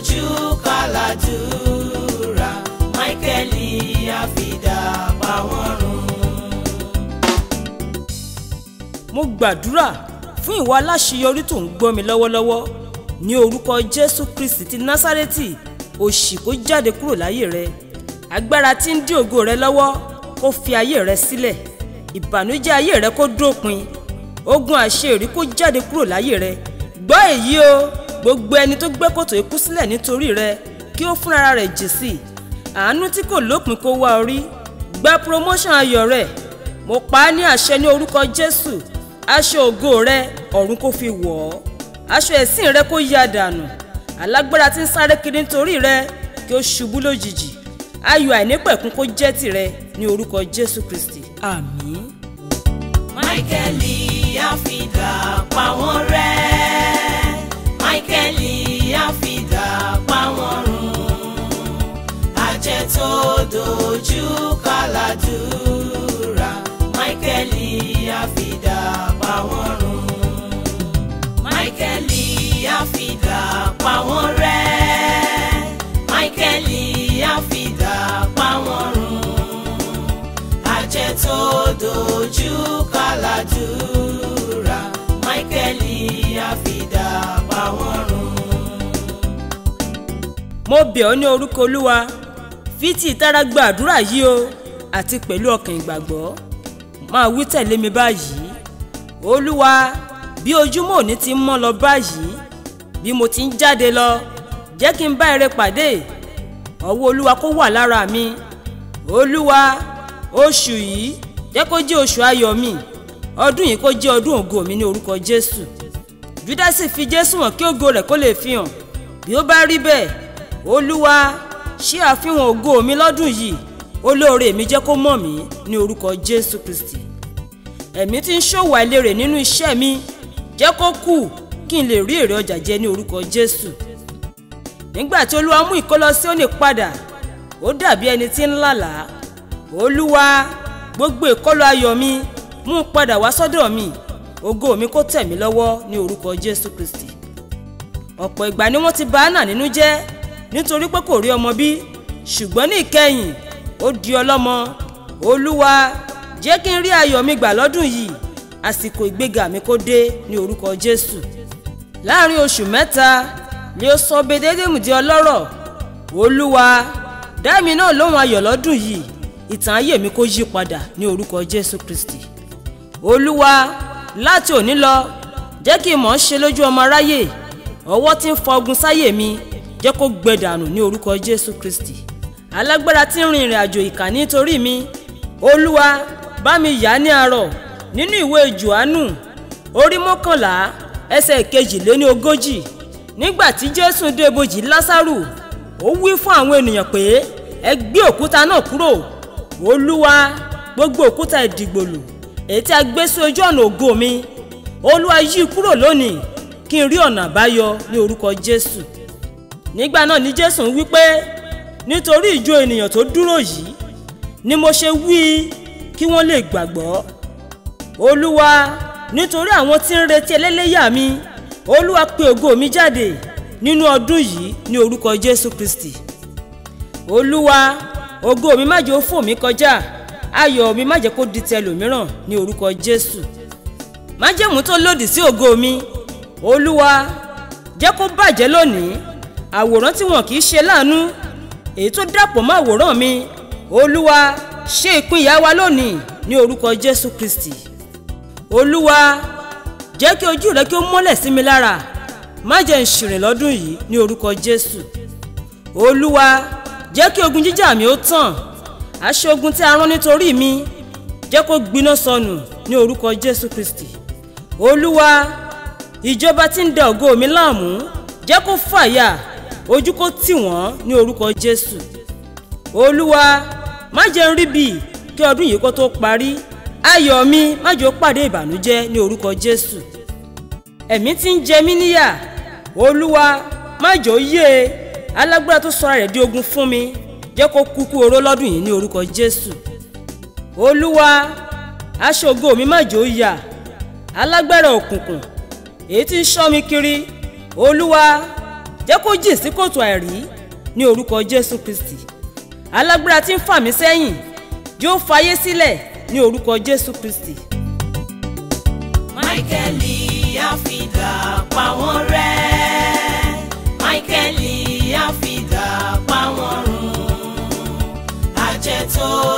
ojú kàlàdúrà Michael àfìdá bá wọn run. mo gbàdúrà fún ìwà aláṣeyọrí tó ń gbọ́ mi lọ́wọ́lọ́wọ́ ní orúkọ Jésù Kristi ti Násárẹ́tì òṣì kó jáde kúrò láyé rẹ agbára tí ń dí ògo rẹ lọ́wọ́ kó fi ayé rẹ sílẹ̀ ìbànújẹ́ ayé rẹ kó dópin ogun àṣeyọrí kó jáde kúrò láyé rẹ gbọ́ èyí o gbogbo ẹni tó gbẹ́ kòtò ikú sílẹ̀ nítorí rẹ kí ó fúnra rẹ̀ jì i àánú tí kò lópin kó wá orí gba promotion ayọ̀ rẹ̀ mo pa á ní àṣẹ ní orúkọ Jésù aṣọ ògo rẹ ọ̀run kò fi wọ̀ ọ́ aṣọ ẹ̀sìn rẹ kò ya dànù alágbára tí ń sáré kiri nítorí rẹ kí ó ṣubú lójijì ayọ̀ àìnípẹ̀kún kó jẹ́ tìrẹ ní orúkọ Jésù Kristi àmín. Michael a fi máìkẹ́lì àfìdá páwọn run àjẹ́ tó dojú kàládùúrà máìkẹ́lì àfìdá páwọn run máìkẹ́lì àfìdá páwọn rẹ́ máìkẹ́lì àfìdá páwọn run àjẹ́ tó dojú kàládùúrà máìkẹ́lì àfìdá ẹ̀dá bá wọn run. mo bẹ̀ ọ́ ní orúkọ olúwa fi ìtara gba àdúrà yìí o àti pẹ̀lú ọkàn ìgbàgbọ́ máa wí tẹ̀lé mi báyìí olúwa bí ojúmọ́ òní ti ń mọ́ lọ báyìí bí mo ti ń jáde lọ jẹ́ kí n bá ire pàdé ọwọ́ olúwa kó wà lára mi olúwa oṣù yìí jẹ́ kó jẹ́ oṣù ayọ̀ mi ọdún yìí kó jẹ́ ọdún ògo mi ní orúkọ jésù júdásì fi jésù hàn kí ògo rẹ̀ kó lè fi hàn bí ó bá rí bẹ́ẹ̀ olúwa ṣe àfihàn ògo mi lọ́dún yìí olóore mi jẹ́ kó mọ̀ mí ní orúkọ jésù kristi ẹ̀mí tí ń ṣòwò àìlérè nínú iṣẹ́ mi jẹ́ kó kù kí n lè rí èrè ọjà jẹ ní orúkọ jésù nígbà tí olúwa mú ìkólọ Síónì padà ó dàbí ẹni tí ń lálàá olúwa gbogbo ìkọlù ayọ̀ mi mú padà wá sọ́dọ̀ mi ògo mi kó tẹ̀ mí lọ́wọ́ ní orúkọ jésù kristi ọ̀pọ̀ ìgbà ni wọ́n ti bà Hánà nínú jẹ́ nítorí pé kò rí ọmọ bí ṣùgbọ́n ní ìkẹyìn ó di ọlọ́mọ olúwa jẹ́ kí n rí ayọ̀ mi gbà lọ́dún yìí àsìkò ìgbéga mi kó dé ní orúkọ jésù láàrin oṣù mẹ́ta ni ó sọ bedeedemu ọlọ́rọ̀ olúwa dá náà lóhùn ayọ̀ lọ́dún yìí ìtàn ayé mi kó yí padà ní orúkọ jésù kristi olúwa láti òní lọ jẹ́ kí n mọ̀ ń ṣe lójú ọmọ aráyè ọwọ́ tí ń fọgun sáyè mi jẹ́ kó gbẹ dànù ní orúkọ Jésù Kristi alágbára tí ń rin ìrìn ìkà nítorí mi Olúwa bá mi yà ní àárọ̀ nínú ìwé Jòhánù orí mọ́kànlá ẹsẹ̀ kejìléní ogójì nígbà tí Jésù dé ibojì Lásárù ó wí fún àwọn ènìyàn pé ẹ gbé òkúta náà kúrò Olúwa gbogbo òkúta ìdìgbòlù èyí tí a gbé sí ojú ọ̀nà ògo mi olúwa yí kúrò lónìí kí n rí ọ̀nà àbáyọ ní orúkọ jésù nígbà náà ni jésù ń wí pé nítorí ìjọ ènìyàn tó dúró yìí ni mo ṣe wí kí wọ́n lè gbàgbọ́ olúwa nítorí àwọn tí ń retí ẹlẹ́lẹ́yà mi olúwa pe ògo mi jáde nínú ọdún yìí ní orúkọ jésù kristi olúwa ògo mi má jẹ́ ó fò mí kọjá ayọ̀ mi má jẹ́ kó di tẹlòmíràn ní orúkọ Jésù májẹ̀mú tó lòdì sí ògo mi Olúwa jẹ́ kó bàjẹ́ lónìí àwòrán tí wọn kì í ṣe láàánú èyí tó dàpọ̀ mọ́ àwòrán mi Olúwa ṣe ìpínyà wa lónìí ní orúkọ Jésù Kristi Olúwa jẹ́ kí ojú rẹ kí ó mọ́lẹ̀ sí mi lára má jẹ́ n ṣìrìn lọ́dún yìí ní orúkọ Jésù Olúwa jẹ́ kí ogun jíjà mi ó tàn àṣẹ ogun tí a rán nítorí mi jẹ́ kó gbiná sọnù ní orúkọ Jésù Kristi Olúwa ìjọba tí ń da ògo mi láàmú jẹ́ kó fàyà ojú kó tì wọ́n ní orúkọ Jésù Olúwa má jẹ́ n rí bí kí ọdún yìí kó tó parí ayọ̀ mi má jẹ́ ó pàdé ìbànújẹ́ ní orúkọ Jésù ẹ̀mí tí ń jẹ mí níyà Olúwa má jẹ́ ó yé alágbára tó sọ ara rẹ̀ di ogun fún mi jẹ́ kó kúkú oró lọ́dún yìí ní orúkọ Jésù Olúwa aṣògo mi má jò yà alágbára òkùnkùn èyí tí ń ṣọ́ mi kiri Olúwa jẹ́ kó jìn sí kòtò àìrí ní orúkọ Jésù Kristi alágbára tí ń mí sẹ́yìn yóò fayé sílẹ̀ ní orúkọ Jésù Kristi. Michael lee.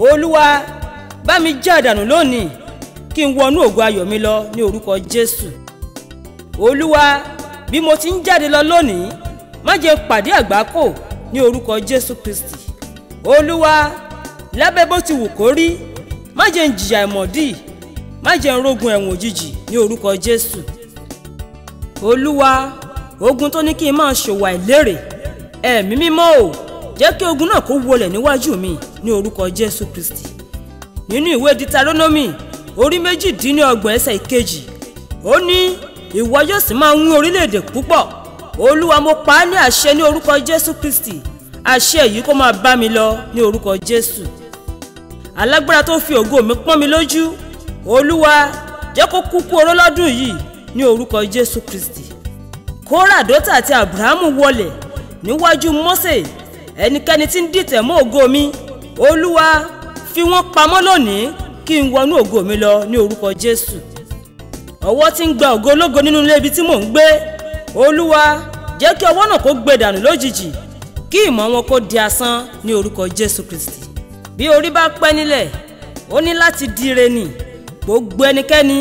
olúwa bá mi já àdànù lónìí kí n wọnú ògo ayọ̀ mi lọ ní orúkọ jésù olúwa bí mo ti ń jáde lọ lónìí má jẹ́ pàdé àgbákò ní orúkọ jésù kristi olúwa lábẹ́ bó ti wù kó rí má jẹ́ ń jìyà ìmọ̀dí má jẹ́ ń rógun ẹ̀wọ̀n òjijì ní orúkọ jésù olúwa ogun tó ní kí n máa ṣòwò àìlérè ẹ̀mí mímọ́ o jẹ́ kí ogun náà kó wọlẹ̀ níwájú mi ní orúkọ jésù kristi nínú ìwé ditaronomi orí méjìdínlọ́gbọ̀n ẹsẹ̀ ìkejì ó ní ìwọ yóò sì máa ń orílẹ̀-èdè púpọ̀ olúwa mo pa á ní àṣẹ ní orúkọ jésù kristi àṣẹ yìí kó máa bá mi lọ ní orúkọ jésù alágbára tó fi ògo mi pọ́n mi lójú olúwa jẹ́ kó kú kú oró lọ́dún yìí ní orúkọ jésù kristi kórà dótà àti abrahamu wọlẹ̀ níwájú mọ́sẹ̀ ẹnikẹ́ni tí ń dìtẹ̀ mọ́ ògo mi olúwa fi wọ́n pamọ́ lónìí kí n wọnú ògo mi lọ ní orúkọ jésù ọwọ́ tí ń gba ògo ológo nínú ilé ibi tí mò ń gbé olúwa jẹ́ kí ọwọ́ náà kó gbé dànù lójijì kí ìmọ̀ wọn kó di asán ní orúkọ jésù kristi bí orí bá pẹ́ nílẹ̀ ó ní láti dire nì gbogbo ẹnikẹ́ni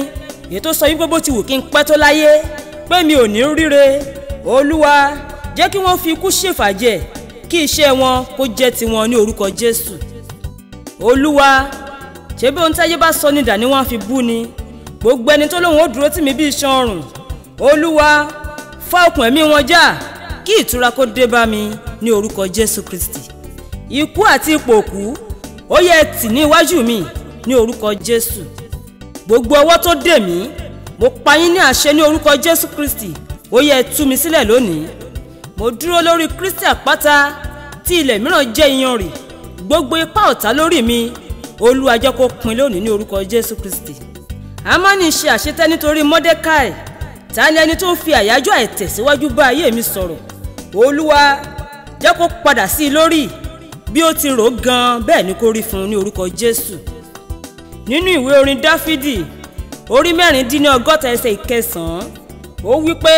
èyí tó sọ yín gbogbo ti wù kí n pẹ́ tó láyé pé mi ò ní ríre olúwa jẹ́ kí wọ́n fi ikú ṣèfàjẹ́ kí iṣẹ́ wọn kó jẹ́ tiwọn ní orúkọ Jésù Olúwa ṣebí ohun táyé bá sọ ní dà ni wọ́n á fi bú ni gbogbo ẹni tó lóun ó dúró tì mí bí iṣan ọrùn Olúwa fá okùn ẹ̀mí wọn já kí ìtura kó dé bá mi ní orúkọ Jésù Kristi ikú àti ipò òkú ó yẹ tì ní iwájú mi ní orúkọ Jésù gbogbo ọwọ́ tó dè mí mo pa yín ní àṣẹ ní orúkọ Jésù Kristi ó yẹ tú mi sílẹ̀ lónìí mo dúró lórí kristi àpáta tí ilẹ̀ mìíràn jẹ́ iyanrì gbogbo ipá ọ̀tá lórí mi olúwa jẹ́ kó pin lónìí ní orúkọ jésù kristi amani ṣe àṣetẹ́ nítorí mọ́dẹ́káì ta ni ẹni tó ń fi àyájọ́ àìtẹ̀síwájú bá ayé mi sọ̀rọ̀ olúwa jẹ́ kó padà sí i lórí bí ó ti rò gan bẹ́ẹ̀ ni kó rí fún un ní orúkọ jésù nínú ìwé orin dáfídì orí mẹ́rin dín ní ọgọ́ta ẹsẹ̀ ìkẹsàn-án ó wí pé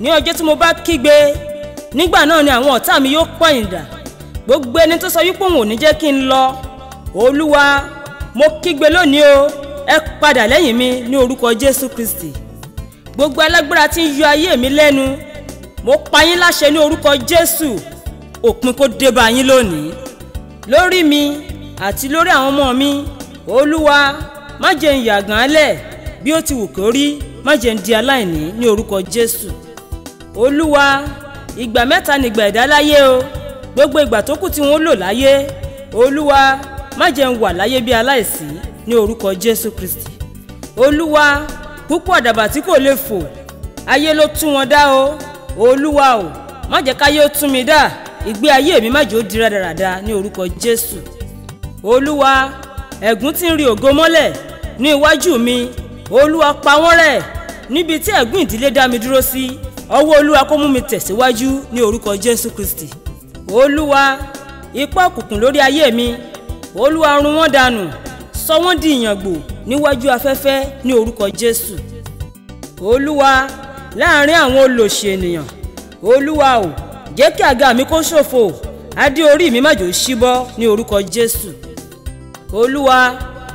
ní ọjọ́ tí mo bá kígbe nígbà náà ni àwọn ọ̀tá mi yóò pọ̀yìn dà gbogbo ẹni tó sọ wípé òun ò ní jẹ́ kí n lọ olúwa mo kígbe lónìí o ẹ padà lẹ́yìn mi ní orúkọ jésù kristi gbogbo alágbára tí ń yọ ayé mi lẹ́nu mo pa yín láṣẹ ní orúkọ jésù òpin kó dé yín lónìí lórí mi àti lórí àwọn ọmọ mi olúwa má jẹ́ n yàgàn álẹ̀ bí ó ti wù kó rí má jẹ́ n di aláìní ní orúkọ jésù olúwa ìgbà mẹ́ta nìgbà ẹ̀dá láyé o gbogbo ìgbà tó kù tí wọ́n lò láyé olúwa má jẹ́ n wà láyé bí aláìsí ní orúkọ jésù kristi olúwa púpọ̀ àdàbà tí kò lè fò ayé ló tú wọn dá o olúwa o má jẹ́ káyé ó tún mi dá ìgbé ayé mi má jẹ́ ó di rádaràda ní orúkọ jésù olúwa ẹ̀gún tí ń ri ògo mọ́lẹ̀ ní iwájú mi olúwa pa wọ́n rẹ́ níbi tí ẹ̀gún ìdílé dá mi dúró sí ọwọ́ olúwa kó mú mi tẹ̀síwájú ní orúkọ jésù kristi olúwa ipá òkùnkùn lórí ayé mi olúwa run wọ́n dànù sọ wọ́n di ìyàngbò níwájú afẹ́fẹ́ ní orúkọ jésù olúwa láàrin àwọn olòṣì ènìyàn olúwa o jẹ́ kí àga mi kó ṣòfò adé orí mi májò ṣíbọ́ ní orúkọ jésù olúwa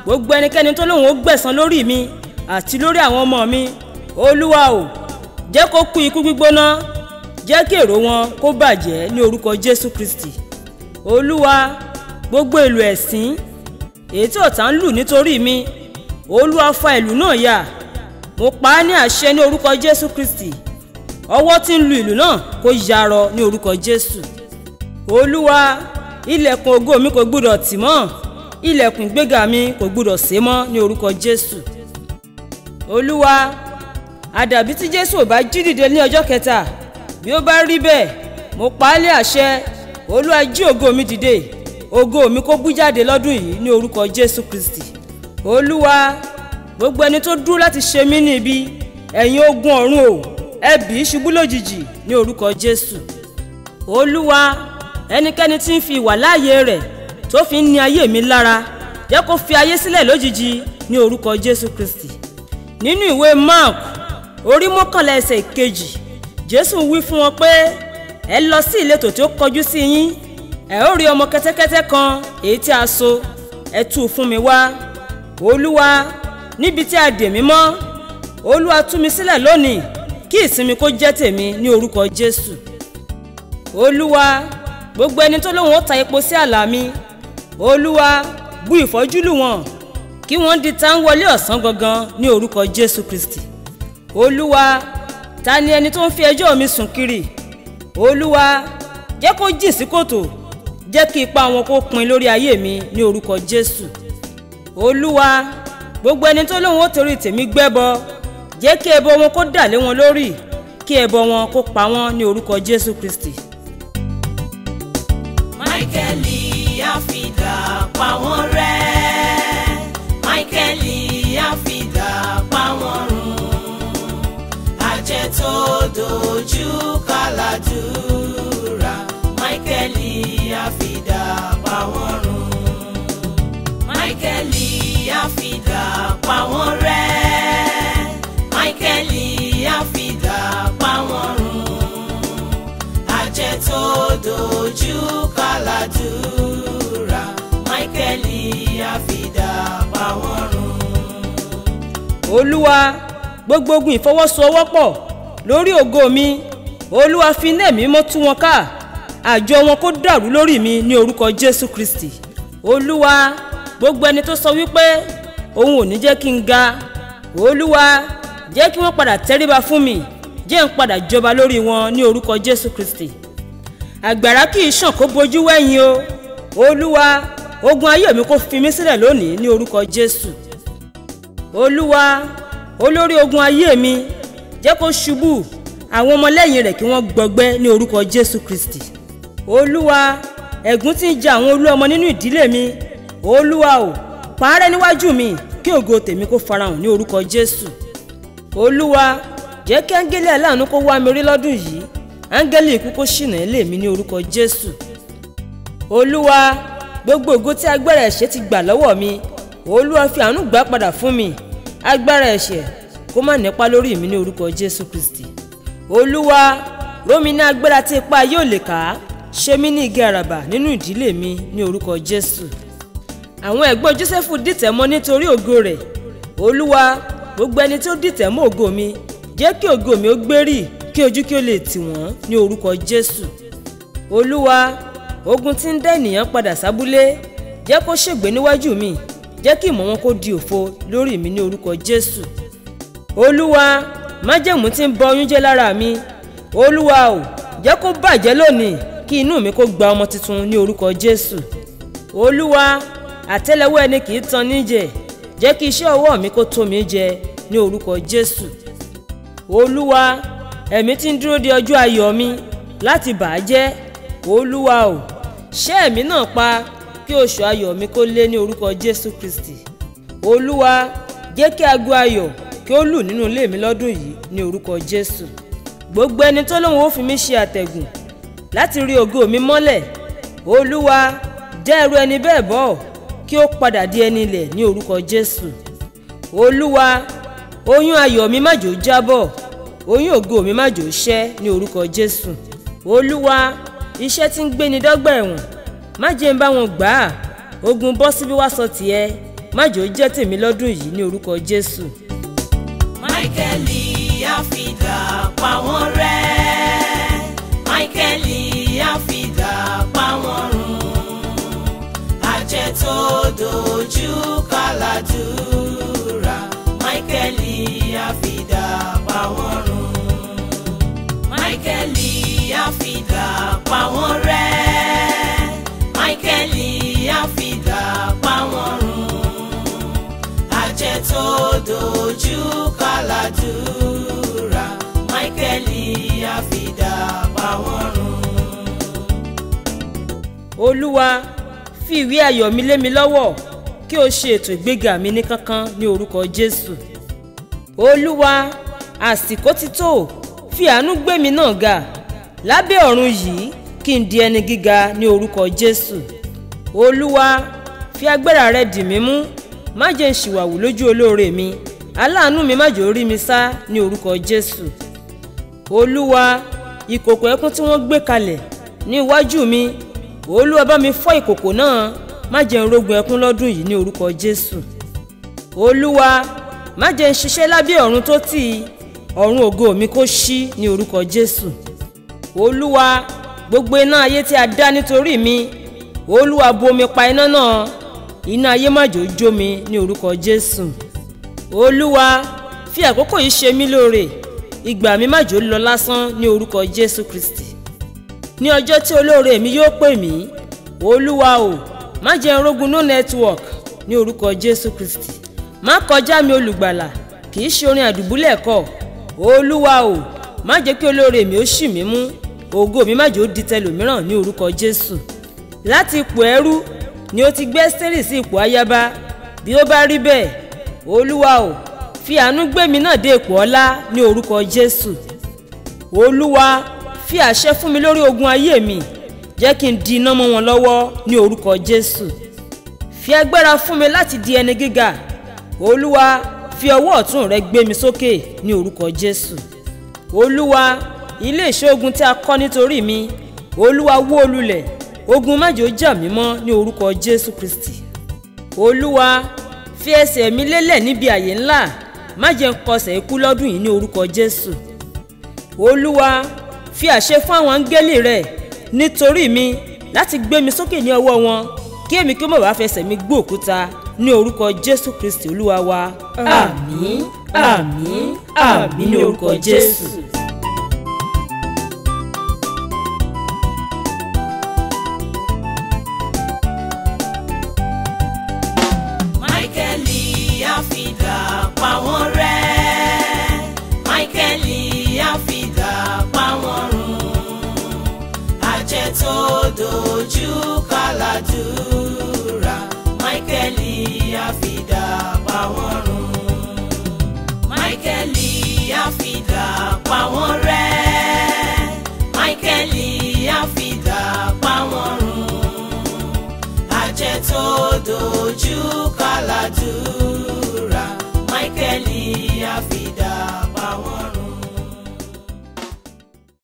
gbogbo ẹnikẹ́ni tó lóun ó gbẹ̀san lórí mi àti lórí àwọn ọmọ mi olúwa o jẹ́ kó kú ikú gbígbóná jẹ́ kí èrò wọn kó bàjẹ́ ní orúkọ Jésù Kristi olúwa gbogbo ìlù ẹ̀sín èyí tí ọ̀tá ń lù nítorí mi olúwa fa ìlù náà yà mo pa á ní àṣẹ ní orúkọ Jésù Kristi ọwọ́ tí ń lu ìlù náà kó yarọ ní orúkọ Jésù olúwa ilẹ̀kùn ògo mi kò gbúdọ̀ tì mọ́ ilẹ̀kùn ìgbéga mi kò gbúdọ̀ sé mọ́ ní orúkọ Jésù olúwa àdàbí tí jésù ò bá jí dìde ní ọjọ́ kẹta bí ó bá rí bẹ́ẹ̀ mo pa á lé àṣẹ olúwa jí ògo mi dìde ògo mi kó bú jáde lọ́dún yìí ní orúkọ jésù kristi olúwa gbogbo ẹni tó dúró láti ṣe mí ní ibi ẹ̀yin ogun ọ̀run o ẹ bì í ṣubú lójijì ní orúkọ jésù olúwa ẹnikẹ́ni tí ń fi ìwà láàyè rẹ̀ tó fi ń ni ayé mi lára jẹ́ kó fi ayé sílẹ̀ lójijì ní orúkọ jésù kristi nínú ìwé mark orí mọ́kànlá ẹsẹ̀ kejì jésù wí fún wọn pé ẹ lọ sí ìletò tí ó kọjú sí yín ẹ ó rí ọmọ kẹ́tẹ́kẹ́tẹ́ kan èyí tí a so ẹ tú u fún mi wá olúwa níbi tí a dè mí mọ́ olúwa tú mi sílẹ̀ lónìí kí ìsinmi kó jẹ́ tèmi ní orúkọ jésù olúwa gbogbo ẹni tó lóun ó ta epo sí àlà mi olúwa bu ìfọ́júlù wọn kí wọ́n di tá ń wọlé ọ̀sán gangan ní orúkọ jésù kristi olúwa ta ni ẹni tó ń fi ẹjọ́ mi sùn kiri olúwa jẹ́ kó jìn sí kòtò jẹ́ kí ipa wọn kó pin lórí ayé mi ní orúkọ jésù olúwa gbogbo ẹni tó lóun ó torí tèmi gbẹ́bọ jẹ́ kí ẹbọ wọn kó dà wọn lórí kí ẹbọ wọn kó pa wọn ní orúkọ jésù kristi. michael afidà pa wọ́n rẹ́. tó dojú kàládùúrà máìkẹ́lì àfìdá pa wọ́n run máìkẹ́lì àfìdá pa wọ́n rẹ́ máìkẹ́lì àfìdá pa wọ́n run àjẹ́ tó dojú kàládùúrà máìkẹ́lì àfìdá pa wọ́n run. olúwa gbogbo ìfọwọ́sowọ́pọ̀ lórí ògo mi olúwa fi iná ẹ̀mí mọ́ tú wọn ká àjọ wọn kó dàrú lórí mi ní orúkọ jésù kristi olúwa gbogbo ẹni tó sọ wípé òun ò ní jẹ́ kí n ga olúwa jẹ́ kí wọ́n padà tẹríba fún mi jẹ́ n padà jọba lórí wọn ní orúkọ jésù kristi àgbàrá kì í ṣàn kó bojú wẹ̀yìn o olúwa ogun ayé mi kò fi mí sílẹ̀ lónìí ní orúkọ jésù olúwa olórí ogun ayé mi jẹ́ kó ṣubú àwọn ọmọlẹ́yìn rẹ̀ kí wọ́n gbọgbẹ́ ní orúkọ Jésù Kristi olúwa ẹ̀gún tí ń jẹ àwọn olú ọmọ nínú ìdílé mi olúwa o pààrẹ níwájú mi kí ògo tèmi kó farahàn ní orúkọ Jésù olúwa jẹ́ kí áńgẹ́lì aláàánú kó wá mi rí lọ́dún yìí áńgẹ́lì ikú kó ṣìnà ilé mi ní orúkọ Jésù olúwa gbogbo ògo tí agbára ẹ̀ṣẹ̀ ti gbà lọ́wọ́ mi olúwa fi àánú gbà padà fún mi agbára ẹ̀ṣẹ̀ kó má nípa lórí mi ní orúkọ jésù kristi olúwa rómìnà agbára tí ipa yóò lè kà á ṣe mí ní igi àràbà nínú ìdílé mi ní orúkọ jésù àwọn ẹ̀gbọ́n jósẹ́fù dìtẹ̀ mọ́ nítorí ògo rẹ̀ olúwa gbogbo ẹni tí ó dìtẹ̀ mọ́ ògo mi jẹ́ kí ògo mi ó gbérí kí ojú kí ó lè tì wọ́n ní orúkọ jésù olúwa ogun tí ń dá ènìyàn padà sábúlé jẹ́ kó ṣègbè níwájú mi jẹ́ kí ìmọ̀ wọn kó di òfo lórí mi ní orúkọ jésù olúwa májẹ̀mú tí ń bọ oyún jẹ́ lára mi olúwa o jẹ́ kó bàjẹ́ lónìí kí inú mi kó gba ọmọ tuntun ní orúkọ jésù olúwa àtẹ́lẹwọ́ ẹni kì í tan níjẹ jẹ́ kí iṣẹ́ ọwọ́ mi kó tó mi jẹ ní orúkọ jésù olúwa ẹ̀mí tí ń dúró de ọjọ́ ayọ̀ mi láti bàá jẹ́ olúwa o ṣẹ́ ẹ̀mí náà pa kí oṣù ayọ̀ mi kó lé ní orúkọ jésù kristi olúwa jẹ́ kí aago ayọ̀ kí ó lù nínú ilé mi lọ́dún yìí ní orúkọ Jésù gbogbo ẹni tó lóun ó fi mí ṣe àtẹ̀gùn láti rí ògo mi mọ́lẹ̀ Olúwa já ẹrú ẹni bẹ́ẹ̀ bọ́ kí ó padà di ẹni ilẹ̀ ní orúkọ Jésù Olúwa oyún ayọ̀ mi má jò jábọ́ oyún ògo mi má jò ṣẹ́ ní orúkọ Jésù Olúwa iṣẹ́ tí ń gbéni dọ́gba ẹ̀wọ̀n má jẹ́ ń bá wọn gbà á ogun bọ́ síbí wá sọ tìẹ má jò jẹ́ tèmi lọ́dún yìí ní orúkọ Jésù máìkẹ́lì àfìdá pa wọ́n rẹ́ máìkẹ́lì àfìdá pa wọ́n run àjẹ́ tó dojú kàlàdúrà máìkẹ́lì àfìdá pa wọ́n máìkẹ́lì àfìdá pa wọ́n máìkẹ́lì. dojú kàládùúrà Michael àfìdá bá wọn run. olúwa fi ìwé ayọ̀ mi lé mi lọ́wọ́ kí o ṣe ètò ìgbéga mi ní kánkán ní orúkọ jésù olúwa àsìkò ti tó fi àánú gbé mi náà ga lábẹ́ ọ̀run yìí kí n di ẹni gíga ní orúkọ jésù olúwa fi agbára rẹ dì mí mú má jẹ́ n ṣìwàwù lójú olóore mi aláàánú mi má jò rí mi sá ní orúkọ Jésù olúwa ìkòkò ẹkún tí wọ́n gbé kalẹ̀ ní iwájú mi olúwa bá mi fọ́ ìkòkò náà má jẹ́ n rógun ẹkún lọ́dún yìí ní orúkọ Jésù olúwa má jẹ́ n ṣiṣẹ́ lábẹ́ ọ̀run tó tì í ọ̀run ògo mi kó ṣí ní orúkọ Jésù olúwa gbogbo iná ayé tí a dá nítorí mi olúwa bu omi pa iná náà iná ayé màjò jó mi ní orúkọ Jésù Olúwa fi àkókò yìí ṣe mí lóore ìgbà mi màjò lọ lásán ní orúkọ Jésù Kristi ní ọjọ́ tí olóore mi yóò pè mí Olúwa o má jẹ́ nrógun no network ní orúkọ Jésù Kristi má kọjá mi olùgbàlà kì í ṣe orin àdùbúlẹ̀ kọ́ Olúwa o má jẹ́ kí olóore mi ó ṣì mí mú ògo mi má jẹ́ di tẹlòmíràn ní orúkọ Jésù láti ipò ẹrú ni ó ti gbé Ẹ́sítérì sí ipò ayaba bí ó bá rí bẹ́ẹ̀ olúwa o fi àánú gbé mi náà dé ipò ọlá ní orúkọ Jésù olúwa fi àṣẹ fún mi lórí ogun ayé mi jẹ́ kí n di iná mọ́ wọn lọ́wọ́ ní orúkọ Jésù fi agbára fún mi láti di ẹni gíga olúwa fi ọwọ́ ọ̀tún rẹ gbé mi sókè ní orúkọ Jésù olúwa ilé ìṣógun tí a kọ́ nítorí mi olúwa wó lulẹ̀ ogun májò jà mí mọ́ ní orúkọ Jésù Kristi Olúwa fi ẹsẹ̀ mi lélẹ̀ níbi àyè ńlá má jẹ́ n kọsẹ̀ ikú lọ́dún yìí ní orúkọ Jésù Olúwa fi àṣẹ fún àwọn áńgẹ́lì rẹ̀ nítorí mi láti gbé mi sókè ní ọwọ́ wọn kí èmi kí mo bá fẹsẹ̀ mi gbó òkúta ní orúkọ Jésù Kristi Olúwa wa àmín àmín àmín ní orúkọ Jésù. aládùúrà Michael àfìdá pa wọ́n run Michael àfìdá pa wọ́n rẹ́ Michael àfìdá pa wọ́n run àjẹ dojú kàládùúrà Michael.